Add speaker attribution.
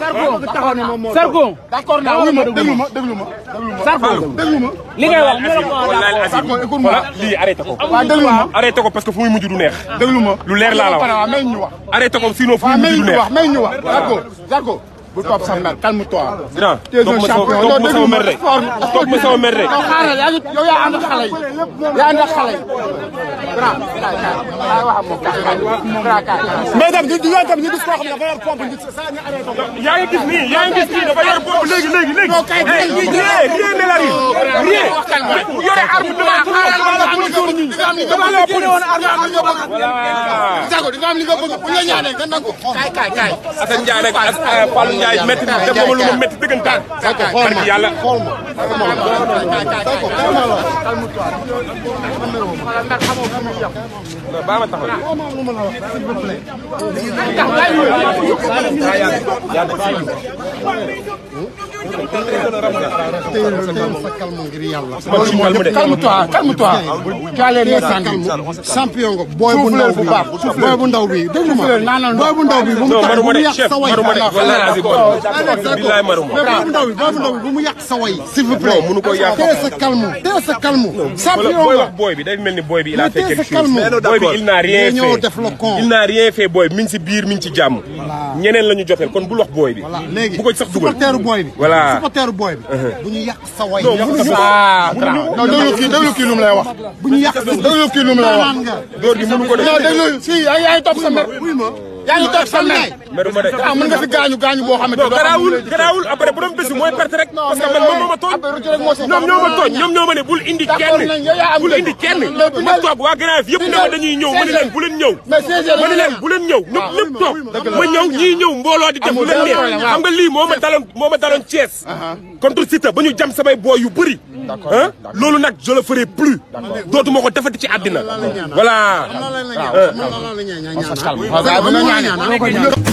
Speaker 1: Zarko Zarko. d'accord naa wuyu ma déglu ma déglu ma déglu ma. li ngay wax lii arrêté ko. waaw déglu ma ko parce que fu muy mujj du neex. déglu lu leer laa la wax. arrêté ko sinon fu muy du neex. waaw wax may ñu wax bu topp sax mer calme toi. grand toog ma sama toog ma sama mer rek toog ma sama mer rek. yow xaaral yow yaa ànd ak xale yi yaa ànd ak xale yi. grand kaay kaay kaay wax ak moom kaay kaay grand kaay. mais tam du yoon tam ñu gis koo xam ne dafa yor pompe yaa ngi gis nii yaa ngi gis nii dafa yor pompe léegi léegi léegi. non kay kay lii lii ne la rii. lii bu yore arme bi laa xaaral ma la am li nga bëgg. voilà. jago di nga am li nga bëgg bu ñu la ñaanee nga nangu. kaay kaay kaay. Assane Ndiaye rek Ndiaye métti def na ma lu ma métti dëggantaan. barki yàlla xool ma baa ma taxaw s'il vous plaît calme ngir yàlla. calme-toi calme-toi. champion nga booy bu ndaw bi booy bu ndaw bi déglu ma booy bu ndaw bi bu mu tax bu mu yàq sa way. booy bu ndaw bi booy bu ndaw bi bu mu yàq sa way. s'il vous plaît teel sa calme teel sa calme. champion nga booy bi day mel ni booy bi il a fait quelque chose. booy bi il n'a rien fait il n'a rien fait booy bi mi ngi si biir mi ngi ci jàmm. ñeneen la ñu jotel kon bul wax booy bi. ko ci sax dugal supporteru booy bi voilà supporteru booy bi uh-huh. bu ñu yàq sa way non déglu kii déglu kii lu mu lay wax bu ñu yàq déglu kii lu mu lay wax góor gi mënu ko def non déglu si ay ay sa mer yaa ngi toog sa ah, boo xam ne garaawul garaawul après bu doon bési mooy perte rek parce que man ma tooñ ñoom ñoo ma ne bul indi kenn bul indi kenn ma toog waa grand yëpp ne ma dañuy ñëw ma ne leen bu ma ne leen bu leen ñëw ñëpp ñëpp ah, toog ma ñëw ñii ñëw mbooloo di def lu leen lii moo ma daloon moo ma daloon Thiès uh-huh. ba ñu jam samay booy yu bëri ah loolu nag je le dootuma ko defati ci àddina voilà ñaanal